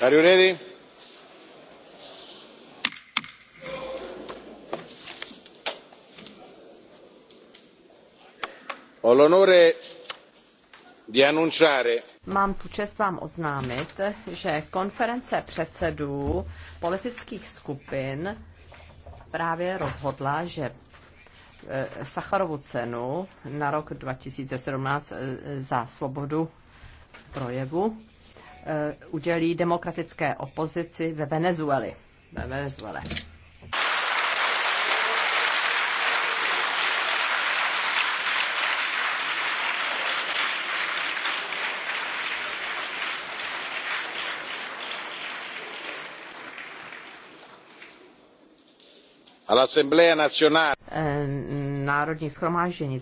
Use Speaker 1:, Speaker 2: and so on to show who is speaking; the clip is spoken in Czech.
Speaker 1: Are you ready?
Speaker 2: Ho l'onore di annunciare
Speaker 3: Mám tu čest vám oznámit, že konference předsedů politických skupin právě rozhodla, že eh, Sacharovu cenu na rok 2017 eh, za svobodu projevu Eh, udělí demokratické opozici ve Venezueli. Ve Venezuele.
Speaker 2: all'assemblea nazionale
Speaker 3: eh, národní schromáždění